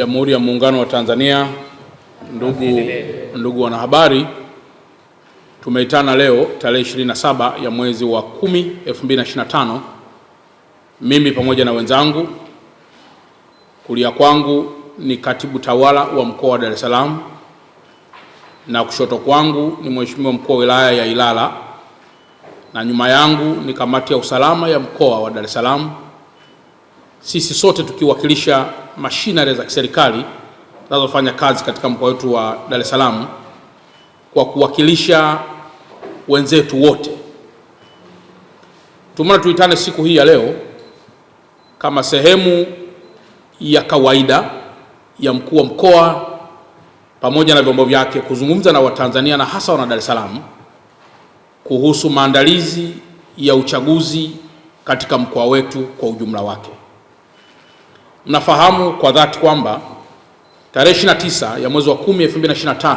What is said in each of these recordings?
Jamhuri ya Muungano wa Tanzania, ndugu, ndugu wanahabari, tumeitana leo tarehe 27 ya mwezi wa 10 2025, mimi pamoja na wenzangu, kulia kwangu ni katibu tawala wa mkoa wa Dar es Salaam na kushoto kwangu ni mheshimiwa mkuu wa wilaya ya Ilala na nyuma yangu ni kamati ya usalama ya mkoa wa Dar es Salaam sisi sote tukiwakilisha mashinare za kiserikali zinazofanya kazi katika mkoa wetu wa Dar es Salaam kwa kuwakilisha wenzetu wote. Tumeona tuitane siku hii ya leo kama sehemu ya kawaida ya mkuu wa mkoa pamoja na vyombo vyake kuzungumza na Watanzania na hasa wana Dar es Salaam kuhusu maandalizi ya uchaguzi katika mkoa wetu kwa ujumla wake. Mnafahamu kwa dhati kwamba tarehe 29 ya mwezi wa 10 2025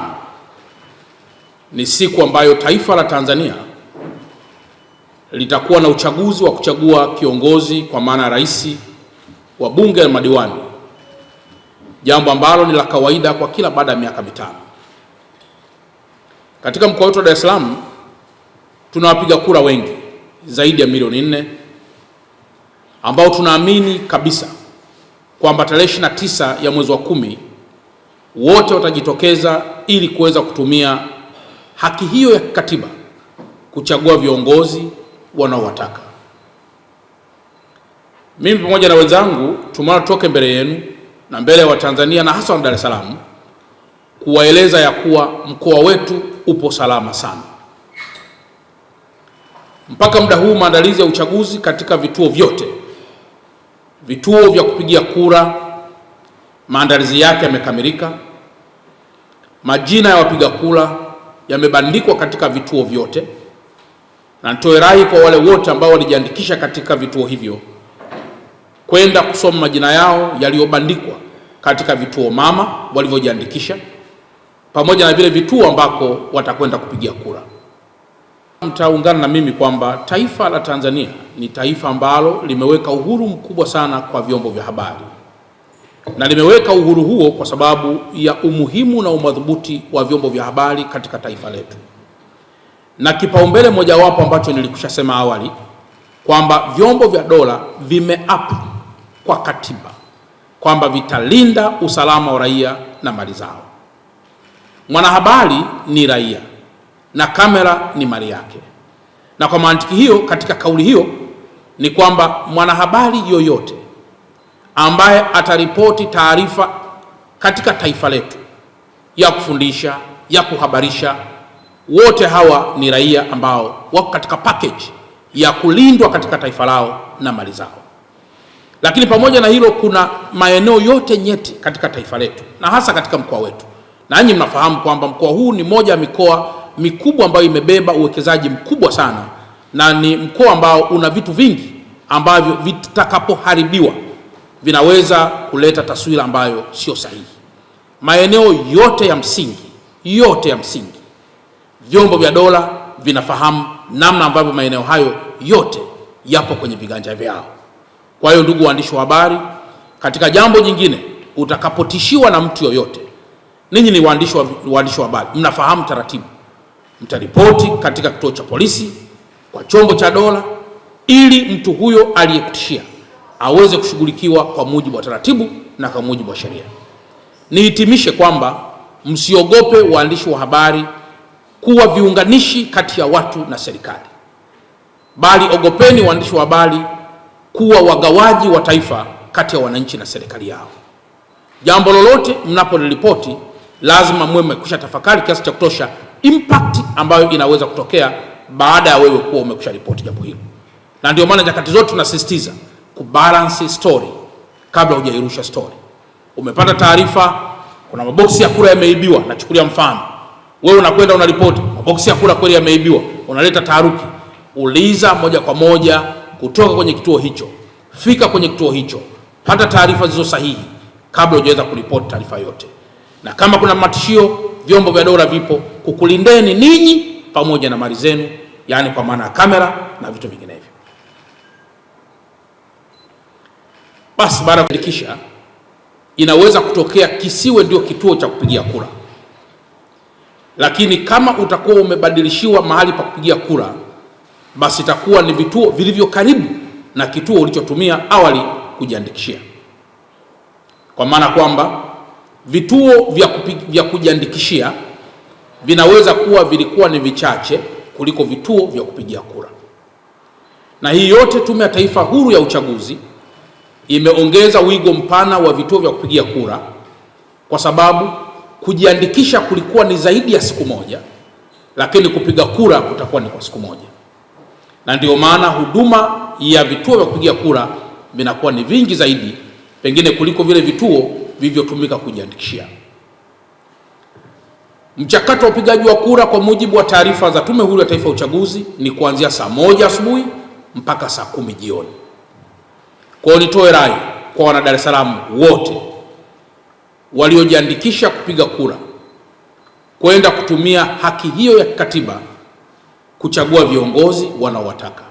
ni siku ambayo taifa la Tanzania litakuwa na uchaguzi wa kuchagua kiongozi kwa maana ya rais, wa bunge na madiwani, jambo ambalo ni la kawaida kwa kila baada ya miaka mitano. Katika mkoa wetu wa Dar es Salaam tuna wapiga kura wengi zaidi ya milioni nne ambao tunaamini kabisa kwamba tarehe 29 ya mwezi wa kumi wote watajitokeza ili kuweza kutumia haki hiyo ya kikatiba kuchagua viongozi wanaowataka. Mimi pamoja na wenzangu toke mbele yenu na mbele ya Watanzania na hasa wa Dar es Salaam kuwaeleza ya kuwa mkoa wetu upo salama sana. Mpaka muda huu maandalizi ya uchaguzi katika vituo vyote, vituo vya kupigia kura maandalizi yake yamekamilika. Majina ya wapiga kura yamebandikwa katika vituo vyote, na nitoe rai kwa wale wote ambao walijiandikisha katika vituo hivyo kwenda kusoma majina yao yaliyobandikwa katika vituo mama walivyojiandikisha, pamoja na vile vituo ambako watakwenda kupigia kura. Mtaungana na mimi kwamba taifa la Tanzania ni taifa ambalo limeweka uhuru mkubwa sana kwa vyombo vya habari, na limeweka uhuru huo kwa sababu ya umuhimu na umadhubuti wa vyombo vya habari katika taifa letu, na kipaumbele mojawapo ambacho nilikushasema awali kwamba vyombo vya dola vimeapa kwa katiba kwamba vitalinda usalama wa raia na mali zao. Mwanahabari ni raia na kamera ni mali yake. Na kwa mantiki hiyo, katika kauli hiyo ni kwamba mwanahabari yoyote ambaye ataripoti taarifa katika taifa letu ya kufundisha, ya kuhabarisha, wote hawa ni raia ambao wako katika package ya kulindwa katika taifa lao na mali zao. Lakini pamoja na hilo, kuna maeneo yote nyeti katika taifa letu na hasa katika mkoa wetu, na nyinyi mnafahamu kwamba mkoa huu ni moja ya mikoa mikubwa ambayo imebeba uwekezaji mkubwa sana na ni mkoa ambao una vitu vingi ambavyo vitakapoharibiwa vinaweza kuleta taswira ambayo sio sahihi. Maeneo yote ya msingi, yote ya msingi, vyombo vya dola vinafahamu namna ambavyo maeneo hayo yote yapo kwenye viganja vyao. Kwa hiyo, ndugu waandishi wa habari, katika jambo jingine, utakapotishiwa na mtu yoyote, ninyi ni waandishi wa habari, mnafahamu taratibu mtaripoti katika kituo cha polisi kwa chombo cha dola ili mtu huyo aliyekutishia aweze kushughulikiwa kwa mujibu wa taratibu na kwa mujibu wa sheria. Nihitimishe kwamba msiogope, waandishi wa habari, kuwa viunganishi kati ya watu na serikali, bali ogopeni, waandishi wa habari, kuwa wagawaji wa taifa kati ya wananchi na serikali yao. Jambo lolote mnapoliripoti, lazima muwe mmekwisha tafakari kiasi cha kutosha impact ambayo inaweza kutokea baada ya wewe kuwa umekusha ripoti jambo hilo, na ndio maana nyakati zote tunasisitiza kubalance story kabla hujairusha story. Umepata taarifa kuna maboksi ya kura yameibiwa, nachukulia mfano, wewe unakwenda unaripoti maboksi ya kura kweli yameibiwa, unaleta taharuki, uliza moja kwa moja kutoka kwenye kituo hicho, fika kwenye kituo hicho, pata taarifa zilizo sahihi kabla hujaweza kuripoti taarifa yote, na kama kuna matishio, vyombo vya dola vipo kukulindeni ninyi pamoja na mali zenu, yaani kwa maana ya kamera na vitu vinginevyo. Basi baada ya kuandikisha, inaweza kutokea kisiwe ndio kituo cha kupigia kura, lakini kama utakuwa umebadilishiwa mahali pa kupigia kura, basi itakuwa ni vituo vilivyo karibu na kituo ulichotumia awali kujiandikishia, kwa maana kwamba vituo vya kujiandikishia vinaweza kuwa vilikuwa ni vichache kuliko vituo vya kupigia kura. Na hii yote Tume ya Taifa Huru ya Uchaguzi imeongeza wigo mpana wa vituo vya kupigia kura kwa sababu kujiandikisha kulikuwa ni zaidi ya siku moja, lakini kupiga kura kutakuwa ni kwa siku moja, na ndiyo maana huduma ya vituo vya kupigia kura vinakuwa ni vingi zaidi pengine kuliko vile vituo vilivyotumika kujiandikishia. Mchakato wa upigaji wa kura kwa mujibu wa taarifa za Tume Huru ya Taifa ya Uchaguzi ni kuanzia saa moja asubuhi mpaka saa kumi jioni. Kwa hiyo nitoe rai kwa wana Dar es Salaam wote waliojiandikisha kupiga kura kwenda kutumia haki hiyo ya kikatiba kuchagua viongozi wanaowataka.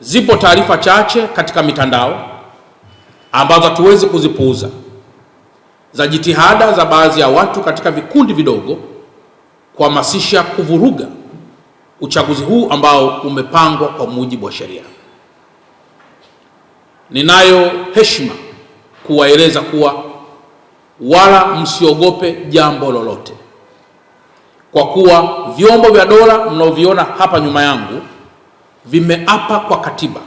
Zipo taarifa chache katika mitandao ambazo hatuwezi kuzipuuza za jitihada za baadhi ya watu katika vikundi vidogo kuhamasisha kuvuruga uchaguzi huu ambao umepangwa kwa mujibu wa sheria. Ninayo heshima kuwaeleza kuwa wala msiogope jambo lolote, kwa kuwa vyombo vya dola mnaoviona hapa nyuma yangu vimeapa kwa katiba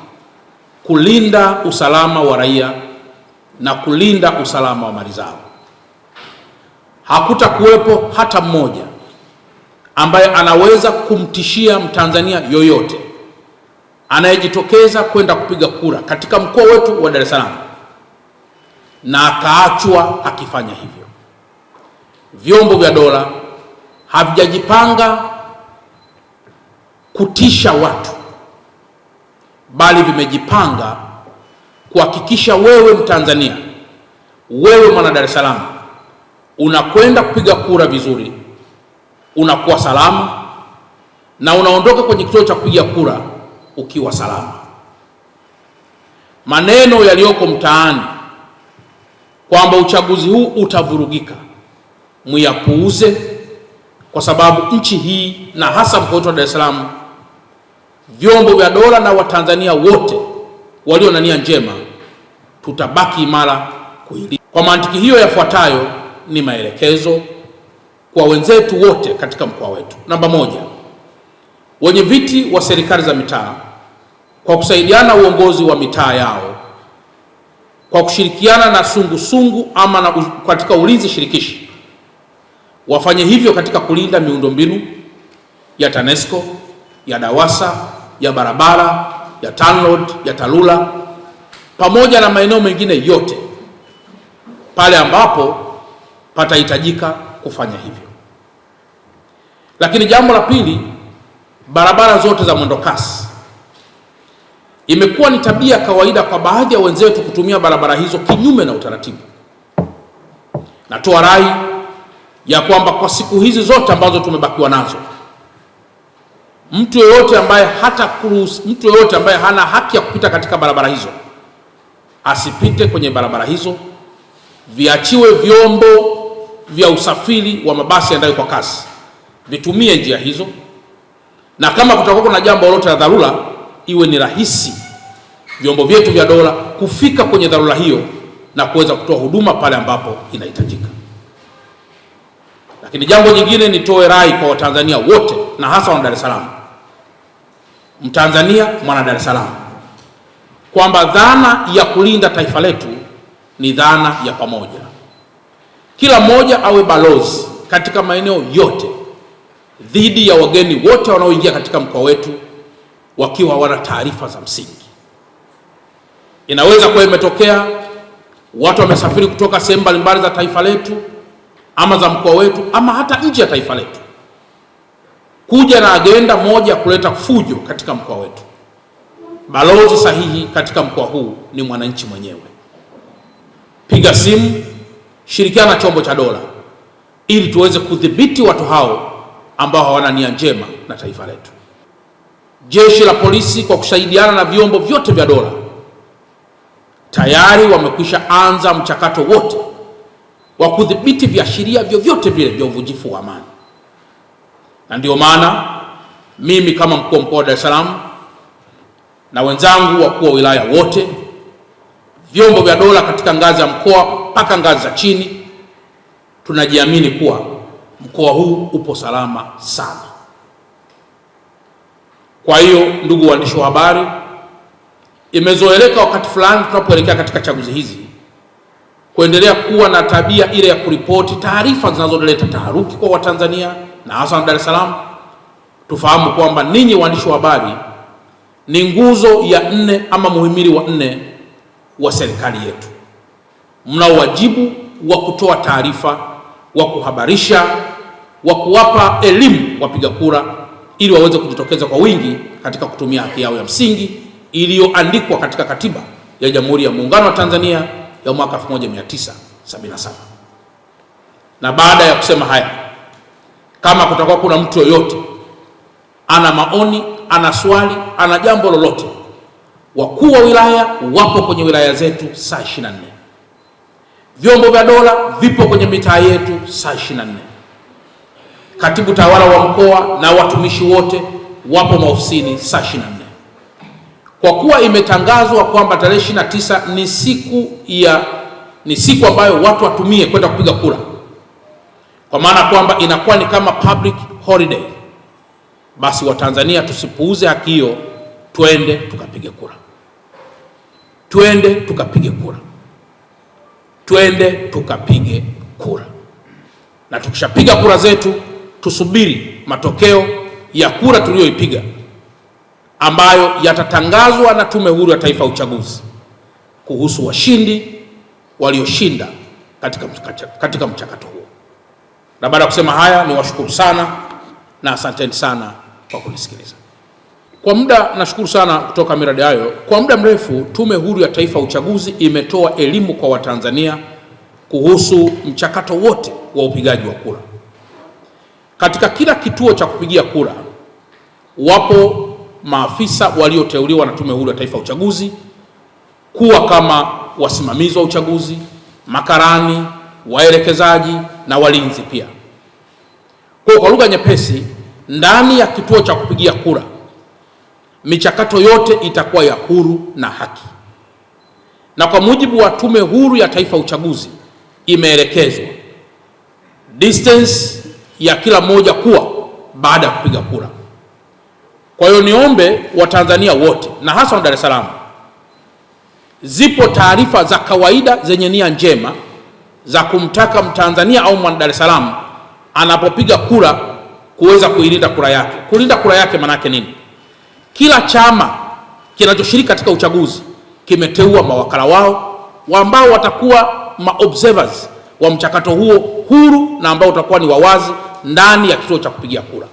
kulinda usalama wa raia na kulinda usalama wa mali zao hakutakuwepo hata mmoja ambaye anaweza kumtishia Mtanzania yoyote anayejitokeza kwenda kupiga kura katika mkoa wetu wa Dar es Salaam na akaachwa akifanya hivyo. Vyombo vya dola havijajipanga kutisha watu, bali vimejipanga kuhakikisha wewe Mtanzania, wewe mwana Dar es Salaam unakwenda kupiga kura vizuri, unakuwa salama na unaondoka kwenye kituo cha kupiga kura ukiwa salama. Maneno yaliyoko mtaani kwamba uchaguzi huu utavurugika, mwiyapuuze, kwa sababu nchi hii na hasa mkoa wetu wa Dar es Salaam, vyombo vya dola na Watanzania wote walio na nia njema tutabaki imara kuili. Kwa mantiki hiyo, yafuatayo ni maelekezo kwa wenzetu wote katika mkoa wetu. Namba moja, wenye viti wa serikali za mitaa kwa kusaidiana uongozi wa mitaa yao kwa kushirikiana na sungusungu sungu ama na katika ulinzi shirikishi wafanye hivyo katika kulinda miundombinu ya TANESCO ya DAWASA ya barabara ya TANROADS ya TARURA pamoja na maeneo mengine yote pale ambapo patahitajika kufanya hivyo. Lakini jambo la pili, barabara zote za mwendokasi, imekuwa ni tabia kawaida kwa baadhi ya wenzetu kutumia barabara hizo kinyume na utaratibu. Natoa rai ya kwamba kwa siku hizi zote ambazo tumebakiwa nazo, mtu yeyote ambaye hata kuruhusu, mtu yeyote ambaye hana haki ya kupita katika barabara hizo asipite kwenye barabara hizo, viachiwe vyombo vya usafiri wa mabasi yaendayo kwa kasi vitumie njia hizo, na kama kutakuwa kuna jambo lolote la dharura, iwe ni rahisi vyombo vyetu vya dola kufika kwenye dharura hiyo na kuweza kutoa huduma pale ambapo inahitajika. Lakini jambo jingine, nitoe rai kwa Watanzania wote na hasa wana Dar es Salaam, Mtanzania mwana Dar es Salaam, kwamba dhana ya kulinda taifa letu ni dhana ya pamoja. Kila mmoja awe balozi katika maeneo yote dhidi ya wageni wote wanaoingia katika mkoa wetu wakiwa hawana taarifa za msingi. Inaweza kuwa imetokea watu wamesafiri kutoka sehemu mbalimbali za taifa letu ama za mkoa wetu ama hata nje ya taifa letu kuja na agenda moja ya kuleta fujo katika mkoa wetu. Balozi sahihi katika mkoa huu ni mwananchi mwenyewe. Piga simu shirikiana na chombo cha dola ili tuweze kudhibiti watu hao ambao hawana nia njema na taifa letu. Jeshi la polisi kwa kusaidiana na vyombo vyote vya dola tayari wamekwisha anza mchakato wote wa kudhibiti viashiria vyovyote vile vya uvujifu wa amani, na ndiyo maana mimi kama mkuu wa mkoa wa Dar es Salaam na wenzangu wakuu wa wilaya wote, vyombo vya dola katika ngazi ya mkoa mpaka ngazi za chini, tunajiamini kuwa mkoa huu upo salama sana. Kwa hiyo, ndugu waandishi wa habari, imezoeleka wakati fulani tunapoelekea katika chaguzi hizi kuendelea kuwa na tabia ile ya kuripoti taarifa zinazoleta taharuki kwa Watanzania na hasa Dar es Salaam. Tufahamu kwamba ninyi waandishi wa habari ni nguzo ya nne ama muhimili wa nne wa serikali yetu mna wajibu wa kutoa taarifa, wa kuhabarisha, wa kuwapa elimu wapiga kura ili waweze kujitokeza kwa wingi katika kutumia haki yao ya msingi iliyoandikwa katika Katiba ya Jamhuri ya Muungano wa Tanzania ya mwaka 1977. Na baada ya kusema haya, kama kutakuwa kuna mtu yoyote ana maoni, ana swali, ana jambo lolote, wakuu wa wilaya wapo kwenye wilaya zetu saa 24. Vyombo vya dola vipo kwenye mitaa yetu saa 24. Katibu tawala wa mkoa na watumishi wote wapo maofisini saa 24. Kwa kuwa imetangazwa kwamba tarehe 29 ni siku ya ni siku ambayo watu watumie kwenda kupiga kura, kwa maana kwamba inakuwa ni kama public holiday, basi Watanzania tusipuuze haki hiyo, twende tukapige kura, twende tukapige kura twende tukapige kura, na tukishapiga kura zetu tusubiri matokeo ya kura tuliyoipiga ambayo yatatangazwa na Tume Huru ya Taifa ya Uchaguzi kuhusu washindi walioshinda katika, katika mchakato huo. Na baada ya kusema haya, niwashukuru sana na asanteni sana kwa kunisikiliza. Kwa muda nashukuru sana kutoka miradi hayo. Kwa muda mrefu Tume Huru ya Taifa ya Uchaguzi imetoa elimu kwa Watanzania kuhusu mchakato wote wa upigaji wa kura. Katika kila kituo cha kupigia kura wapo maafisa walioteuliwa na Tume Huru ya Taifa ya Uchaguzi kuwa kama wasimamizi wa uchaguzi, makarani, waelekezaji na walinzi pia. Kwa kwa lugha nyepesi, ndani ya kituo cha kupigia kura michakato yote itakuwa ya huru na haki. Na kwa mujibu wa Tume Huru ya Taifa ya Uchaguzi, imeelekezwa distance ya kila mmoja kuwa baada ya kupiga kura. Kwa hiyo niombe Watanzania wote na hasa wa Dar es Salaam, zipo taarifa za kawaida zenye nia njema za kumtaka Mtanzania au mwana Dar es Salaam anapopiga kura kuweza kuilinda kura yake. Kulinda kura yake maana nini? Kila chama kinachoshiriki katika uchaguzi kimeteua mawakala wao ambao watakuwa maobservers wa mchakato huo huru na ambao utakuwa ni wawazi ndani ya kituo cha kupigia kura.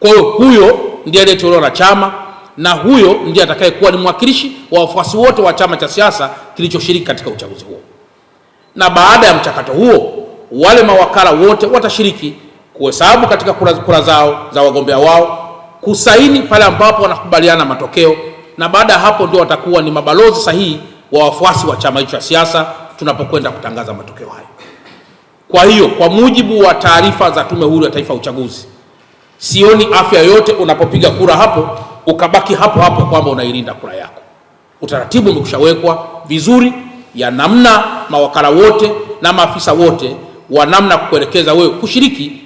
Kwa hiyo huyo ndiye aliyeteuliwa na chama na huyo ndiye atakayekuwa ni mwakilishi wa wafuasi wote wa chama cha siasa kilichoshiriki katika uchaguzi huo. Na baada ya mchakato huo, wale mawakala wote watashiriki kuhesabu katika kura, kura zao za wagombea wao kusaini pale ambapo wanakubaliana matokeo, na baada ya hapo ndio watakuwa ni mabalozi sahihi wa wafuasi wa chama hicho cha siasa tunapokwenda kutangaza matokeo hayo. Kwa hiyo, kwa mujibu wa taarifa za Tume Huru ya Taifa ya Uchaguzi, sioni afya yote unapopiga kura hapo ukabaki hapo hapo kwamba unailinda kura yako. Utaratibu umekushawekwa vizuri ya namna mawakala wote na maafisa wote wa namna kukuelekeza wewe kushiriki